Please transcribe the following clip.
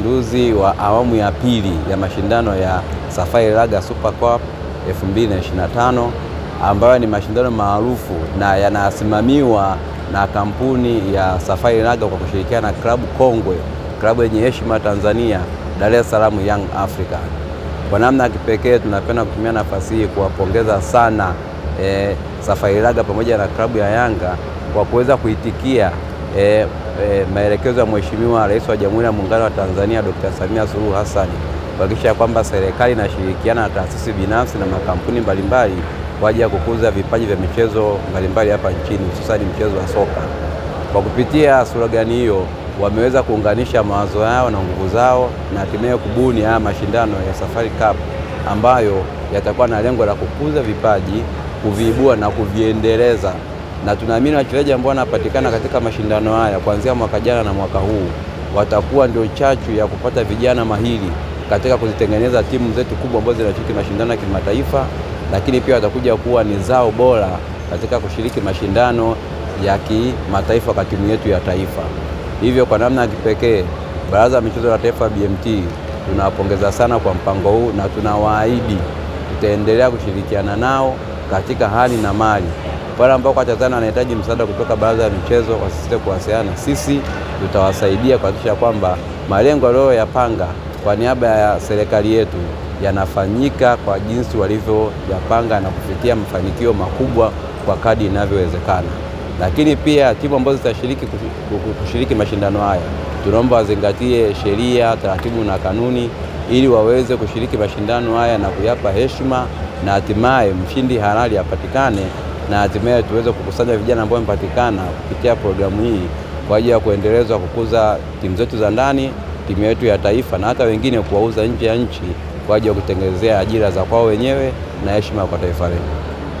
uzinduzi wa awamu ya pili ya mashindano ya Safari raga Super Cup 2025 ambayo ni mashindano maarufu na yanasimamiwa na kampuni ya Safari raga kwa kushirikiana na klabu kongwe, klabu yenye heshima Tanzania, Dar es Salaam Young Africa. Kwa namna ya kipekee tunapenda kutumia nafasi hii kuwapongeza sana eh, Safari raga pamoja na klabu ya Yanga kwa kuweza kuitikia e, e, maelekezo ya Mheshimiwa Rais wa Jamhuri ya Muungano wa Tanzania Dr. Samia Suluhu Hassan kuhakikisha kwamba serikali inashirikiana na taasisi binafsi na makampuni mbalimbali kwa ajili ya kukuza vipaji vya michezo mbalimbali hapa nchini hususani mchezo wa soka. Kwa kupitia slogani hiyo wameweza kuunganisha mawazo yao na nguvu zao na hatimaye kubuni haya mashindano ya Safari Cup ambayo yatakuwa na lengo la kukuza vipaji, kuviibua na kuviendeleza na tunaamini wachezaji ambao wanapatikana katika mashindano haya kuanzia mwaka jana na mwaka huu watakuwa ndio chachu ya kupata vijana mahiri katika kuzitengeneza timu zetu kubwa ambazo zinashiriki mashindano ya kimataifa, lakini pia watakuja kuwa ni zao bora katika kushiriki mashindano ya kimataifa kwa timu yetu ya taifa. Hivyo kwa namna ya kipekee Baraza la Michezo la Taifa BMT tunawapongeza sana kwa mpango huu na tunawaahidi tutaendelea kushirikiana nao katika hali na mali wale ambao kwa Tanzania wanahitaji msaada kutoka Baraza ya Michezo wasisite kuwasiliana sisi, tutawasaidia kuhakikisha kwamba malengo aliyoyapanga kwa niaba ya serikali yetu yanafanyika kwa jinsi walivyoyapanga na kufikia mafanikio makubwa kwa kadi inavyowezekana. Lakini pia timu ambazo zitashiriki kushiriki mashindano haya, tunaomba wazingatie sheria, taratibu na kanuni ili waweze kushiriki mashindano haya na kuyapa heshima na hatimaye mshindi halali apatikane na hatimaye tuweze kukusanya vijana ambao wamepatikana kupitia programu hii kwa ajili ya kuendeleza kukuza timu zetu za ndani, timu yetu ya taifa na hata wengine kuwauza nje ya nchi kwa ajili ya kutengenezea ajira za kwao wenyewe na heshima kwa taifa letu.